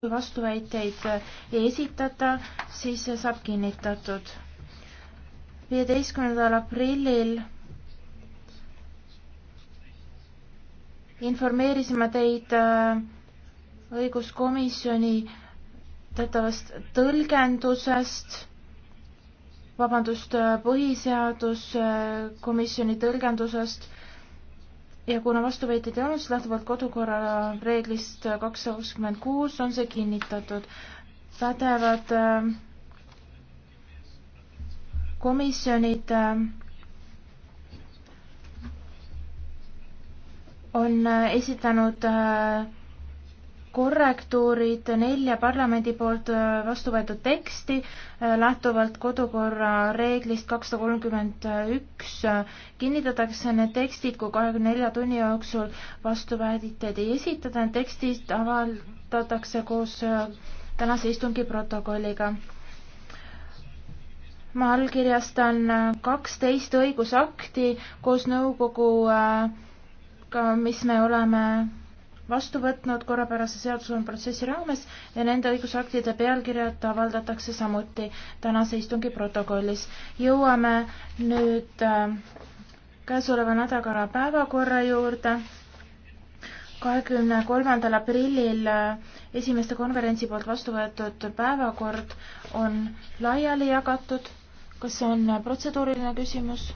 kui vastuväiteid ei esitata, siis see saab kinnitatud. viieteistkümnendal aprillil informeerisime teid äh, õiguskomisjoni teatavast tõlgendusest, vabandust, äh, põhiseaduskomisjoni tõlgendusest ja kuna vastuväiteid ei olnud, siis lähtuvalt kodukorra reeglist kakssada kakskümmend kuus on see kinnitatud. pädevad äh, komisjonid äh, on äh, esitanud korrektuurid nelja parlamendi poolt vastu võetud teksti lähtuvalt kodukorra reeglist kakssada kolmkümmend üks kus kinnitatakse need tekstid, kui kahekümne nelja tunni jooksul vastuväiditeid ei esitada, need tekstid avaldatakse koos äh, tänase istungi protokolliga. ma allkirjastan äh, kaksteist õigusakti koos nõukoguga, äh, mis me oleme vastu võtnud korrapärase seadusloome protsessi raames ja nende õigusaktide pealkirjad avaldatakse samuti tänase istungi protokollis. jõuame nüüd äh, käesoleva nädala päevakorra juurde. kahekümne kolmandal aprillil äh, esimeste konverentsi poolt vastu võetud päevakord on laiali jagatud. kas see on protseduuriline küsimus?